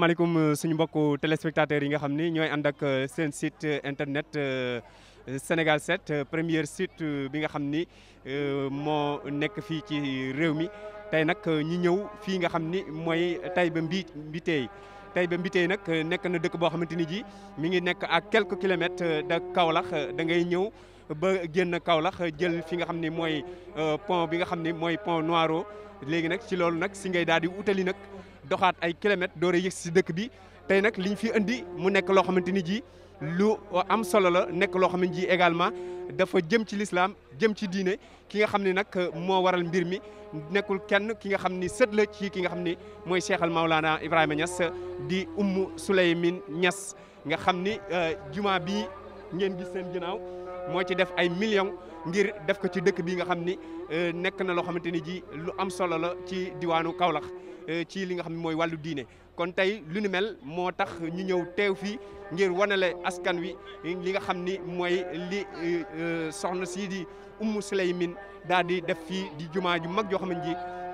asalaamaaleykum euh, suñu mbokku téléspectateurs yi nga xam ni ñooy ànd ak euh, seen site euh, internet Sénégal 7 première site bi nga xam ni moo nekk fii ci réew mi tey nag ñi ñëw fii nga xam ni mooy Taïba Mbi Mbitey Taïba Mbitey nag nekk na dëkk boo xamante ni ji mi ngi nekk à quelques kilomètres de Kaolack da ngay ñëw ba génn Kaolack jël fi nga xam ni mooy pont bi nga xam ni mooy pont Noiro léegi nag ci loolu nag si ngay daal di utali nag. doxaat ay kilomètres door a yëg si dëkk bi tey nag liñ fi indi mu nekk loo xamante ni ji lu am solo la nekk loo xamante ji également dafa jëm ci lislaam jëm ci diine ki nga xam ni nag moo waral mbir mi nekkul kenn ki nga xam ni sët la ci ki nga xam ni mooy Seexal Maulana Ibrahima ñas di Ummu Suleymin ñas nga xam ni euh, juma bi ngeen gis seen ginnaaw moo ci def ay millions ngir def ko ci dëkk bi nga xam ni euh, nekk na loo xamante ni ji lu am solo la ci diwaanu Kaolack euh, ci li nga xam ne mooy wàllu diine kon tey lu ni mel moo tax ñu ñëw teew fii ngir wanale askan wi li nga xam ni mooy li euh, soxna sii di Umu Suleymin daal di def fii di jumaa ju mag joo xam ne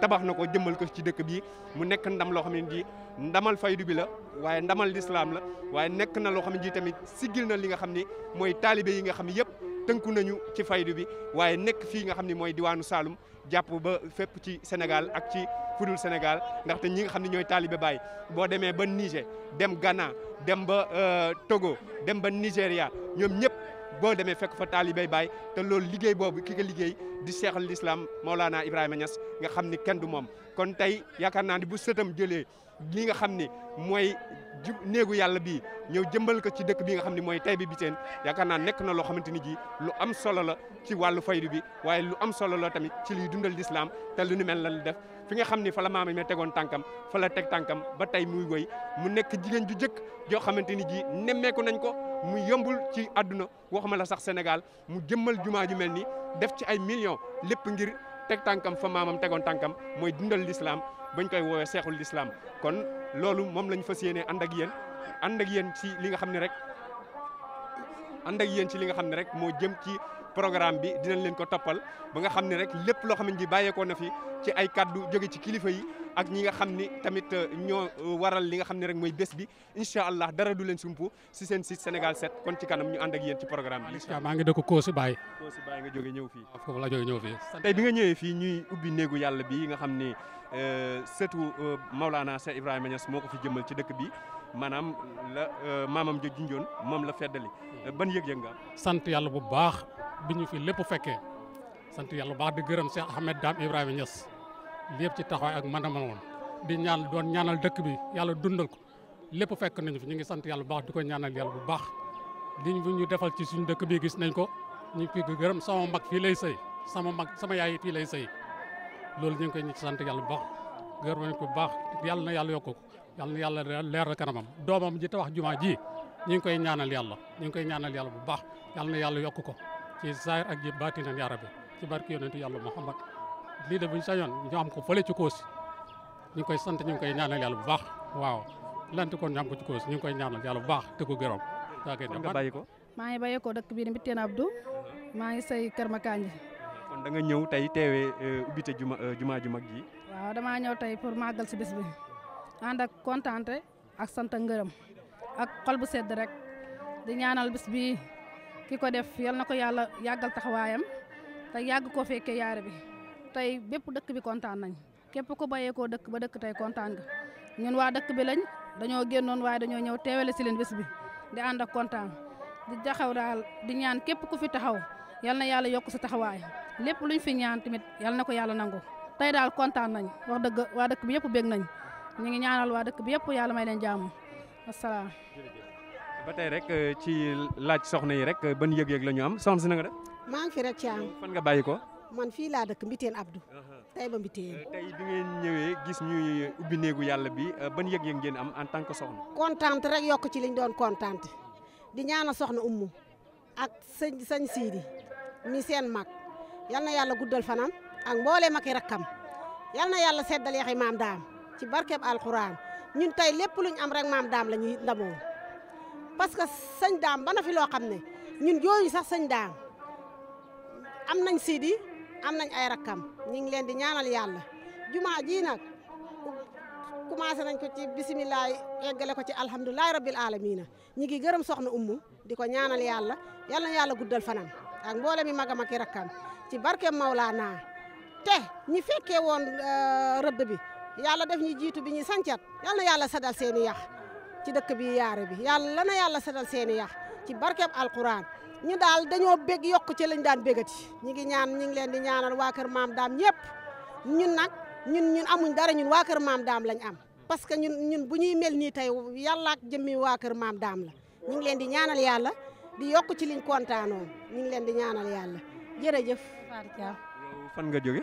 tabax na ko jëmmal ko ci dëkk bii mu nekk ndam loo xam ji ndamal faydu bi la waaye ndamal lislaam la waaye nekk na loo xam ne ji tamit siggil na li nga xam ni mooy taalibe yi nga xam ni yëpp tënku nañu ci faydu bi waaye nekk fii nga xam ni mooy diwaanu Saloum jàpp ba fépp ci Sénégal ak ci fudul Sénégal ndaxte ñi nga xam ne ñooy taalibe Baay boo demee ba Niger dem Ghana dem ba euh, Togo dem ba Nigéria ñoom ñëpp boo demee fekk fa taalibay baay te loolu liggéey boobu ki liggéey di seexal lislaam Maulana Ibrahima Niass nga xam ni kenn du moom kon tey yaakaar naa ne bu sëtam jëlee li nga xam ne mooy ju néegu yàlla bii ñëw jëmbal ko ci dëkk bi nga xam ne mooy bi Bitène yaakaar naa nekk na loo xamante ni ji lu am solo la ci wàllu faydu bi waaye lu am solo la tamit ci liy dundal lislaam te lu nu mel la def fi nga xam ni fa la maama ma tegoon tànkam fa la teg tànkam ba tey mu woy mu nekk jigéen ju jëkk joo xamante ni ji nemmeeku nañ ko mu yombul ci àdduna waxuma la sax Sénégal mu jëmmal jumaa ju mel ni def ci ay millions lépp ngir teg tànkam fa maamam tegoon tànkam mooy dundal lislaam bañ koy woowee seexul lislaam kon loolu moom lañ fas yéenee ànd ak yéen ànd ak yéen ci li nga xam ne rek ànd ak yéen ci li nga xam ne rek moo jëm ci programme bi dinañ leen ko toppal ba nga xam ne rek lépp loo xam ne bàyyeekoo na fi ci ay kàddu jóge ci kilifa yi ak ñi nga xam ni tamit euh, ñoo euh, waral li nga xam ne rek mooy bés bi incha allah dara du leen sumpu si seen si Sénégal set kon ci kanam ñu ànd ak yéen ci programme bi. maa ngi dëkk Koosi Baye. Koosi Baye nga jóge ñëw fii. waaw ah, foofu la jóge ñëw fii. tey bi nga ñëwee fii ñuy ubbi néegu yàlla bi nga xam ni euh, sëtu Maulana Cheikh Ibrahima Niass moo ko fi jëmmal ci dëkk bi maanaam la maamam ja junjoon moom la feddali hmm. ban yëg-yëg sant yàlla bu baax bi ñu fi lépp fekkee sant yàlla bu baax di gërëm Cheikh Ahmed Dame Ibrahima Niass lépp ci taxawaay ak manamal woon di ñaan doon ñaanal dëkk bi yàlla dundal ko lépp fekk nañu fi ñu ngi sant yàlla bu baax di ko ñaanal yàlla bu baax li ñu defal ci suñu dëkk bi gis nañ ko ñu ngi fi gërëm sama mag fii lay sëy sama mag sama yaay fii lay sëy loolu ñu ngi koy ñu sant yàlla bu baax gërëm nañ ko bu baax yàlla na yàlla yokk ko yàlla na yàlla leeral kanamam doomam ji tabax jumaa ji ñu ngi koy ñaanal yàlla ñu ngi koy ñaanal yàlla bu baax yàlla na yàlla yokk ko ci zahir ak ji baatinan yaa rabbi ci barke yonentu yàlla Muhammad lii de buñ sañoon ñu ko fële ci koos ñu koy sant ñu ngi koy ñaanal yàlla bu baax waaw lant kon ñu am ko ci koos ñu ngi koy ñaanal yàlla bu baax te ko gërëm daa koy ko maa ngi bàyyi ko dëkk bii di Mbitteen Abdou maa ngi say Kër Makaañ kon da ñëw tey teewee euh, ubbite juma euh, juma ju ji waaw damaa ñëw tey pour màggal si bés bi ànd ak kontaante ak sant ngërëm ak xol bu sedd rek di ñaanal bés ki ko def yal na ko yàlla yàggal taxawaayam te yàgg koo fekkee yaare bi tey bépp dëkk bi kontaan nañ képp ku bàyyee koo dëkk ba dëkk tey kontaan nga ñun waa dëkk bi lañ dañoo génnoon waaye dañoo ñëw teewale si leen bés bi di ànd ak kontaan di jaxaw daal di ñaan képp ku fi taxaw yal na yàlla yokk si taxawaay lépp luñ fi ñaan tamit yal na ko yàlla nangu tey daal kontaan nañ wax dëgg waa dëkk bi yëpp bég nañ ñu ngi ñaanal waa dëkk bi yëpp yàlla may leen jaamu ba tey rek euh, ci laaj soxna yi rek euh, ban yëg-yëg la ñu am soxna si na nga def. fi rek Thiam fan nga bàyyi ko. man fii laa dëkk Mbitène Abdou. Uh-huh. tey ba Mbitène. Euh, tey bi ngeen ñëwee gis ñuy ubbi néegu yàlla bi ban yëg-yëg ngeen am en tant que soxna. kontant rek yokk ci liñ doon contente di ñaana soxna ummu ak sëñ sëñ Sidi mi seen mag yal na yàlla guddal fanam ak mbooleem ak i rakkam yal na yàlla seddal yaxi maam daam ci barkeb alxuraan ñun tey lépp luñ am rek maam daam la ñuy parce que sëñ daam bana fi loo xam ne ñun jooyu sax sañ daam am nañ siidi am nañ ay rakkam ñu ngi leen di ñaanal yàlla jumaa ji nag commencé nañ ko ci bisimilah eggale ko ci alhamdulilahi rabbil alamina ñi ngi gërëm soxna ummu di ko ñaanal yàlla yàlla yàlla guddal fanam ak mboole mi magam ak i rakkam ci barkeem Mawlaana te ñi fekkee woon euh, rëbb bi yàlla def ñu jiitu bi ñu sancat yàlla na yàlla sadal seeni yax ci dëkk bi yaare bi yàlla na yàlla setal seeni yax ci barkeb alquran ñi daal dañoo bég yokku ci lañ daan bégati ñi ngi ñaan ñi ngi leen di ñaanal waa kër maam daam ñëpp ñun nag ñun ñun amuñ dara ñun waa kër maam daam lañ am parce que ñun ñun bu ñuy mel nii tey yàlla jëmmi waa kër maam daam ñu ngi leen di ñaanal yàlla di yokk ci liñ kontaanoo ñu ngi leen di ñaanal yàlla jërëjëf Fatou fan nga jóge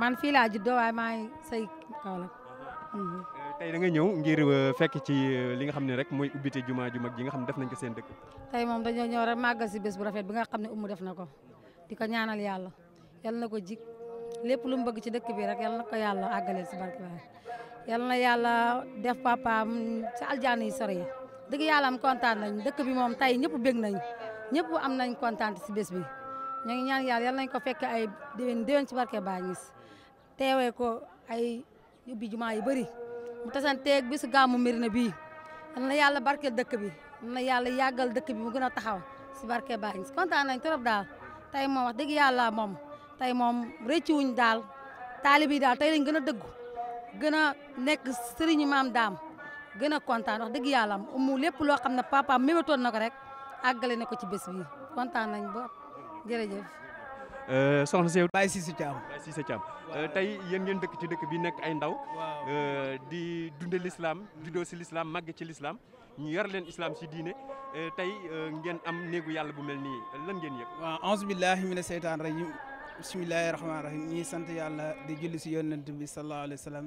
man fii laa juddoo waaye maa ngi say tey da nga ñëw ngir euh, fekk ci euh, li nga xam ne rek mooy ubbite jumaa ju ji nga xam ne def nañ ko seen dëkk. tey moom dañoo ñëw rek màggal si bés bu rafet bi nga ne umu def na ko di ko ñaanal yàlla yal na ko jik lépp lu mu bëgg ci dëkk bi rek yal na ko yàlla àggaleel si barke baay yal na yàlla def papaam ci aljaan yi sori yi dëgg yàlla am kontaan nañ dëkk bi moom tey ñëpp bég nañ ñëpp am nañ kontaan si bés bi ñu ngi ñaan yàlla yal nañ ko fekk ay déwén déwén ci barke baay ñis teewee ko ay ubbi jumaa yu bëri mu tasanteeg bisu gàmmu Médina bii yal na yàlla barke dëkk bi na yàlla yàggal dëkk bi mu gën a taxaw si barke Baye Niass kontaan nañ trop daal tey moom wax dëgg yàlla moom tey moom rëccuwuñ daal taalib yi daal tey lañ gën a dëggu gën a nekk sëriñu maam daam gën a kontaan wax dëgg yàlla mu lépp loo xam ne papa mébatoon na ko rek àggale na ko ci bés bi kontaan Euh, soxna si yow. Baye Cissé Thiam Baye Cissé euh, tey yéen ngeen dëkk ci dëkk bi nekk ay ndaw. Euh, di dunde lislaam juddoo si lislaam màgg ci lislaam ñu yar leen islam si diine tey ngeen am néegu yàlla bu mel nii lan ngeen yëg. waaw auzu billahi mina seytaan rajim bismillahi rahmaani rahim ñi sant yàlla di julli si yonent bi sallallahu alayhi wa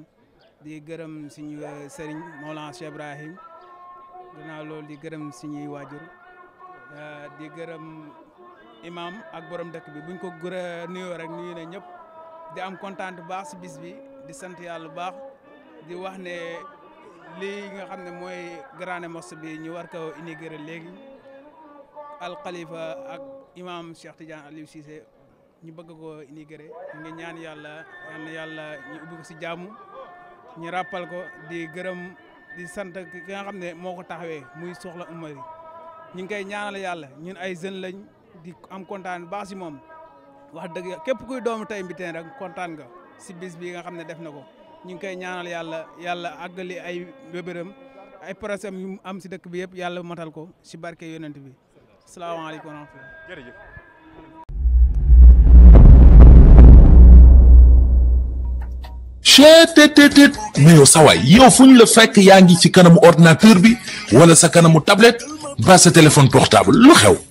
di gërëm suñu sëriñ Mawlana Cheikh Ibrahim dinaa loolu di gërëm suñuy waajur di gërëm. imam ak borom dëkk bi buñ ko gërë nuyoo rek nuyu na ñëpp di am kontaan bu baax si bis bi di sant yàlla bu baax di wax ne li nga xam ne mooy grande mosquée bi ñu war ko inaugurer léegi al khalifa ak imam Cheikh Tidiane Aliou Cissé ñu bëgg koo inaugurer nga ñaan yàlla yàlla ñu ubbi ko si jàmm ñu rappal ko di gërëm di sant ki nga xam ne moo ko taxawee muy soxla umar ñu ngi koy ñaanal yàlla ñun ay jeunes lañ. di am kontaan baax si moom wax dëgg képp kuy doomu tey Mbitene rek kontaan nga si bis bi nga xam ne def na ko ñu ngi koy ñaanal yàlla yàlla àggali ay bébéram ay procès yu am si dëkk bi yëpp yàlla matal ko si barke yonent bi salaamaaleykum wa rahmatulah jërëjëf yow sa yow fu ñu la fekk yaa ngi ci kanamu ordinateur bi wala sa kanamu tablet ba sa téléphone portable lu xew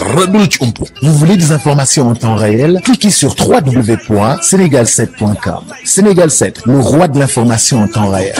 dara du la ci ump. Vous voulez des informations en temps réel? Cliquez sur www.senegal7.com. Sénégal 7, le roi de l'information en temps réel.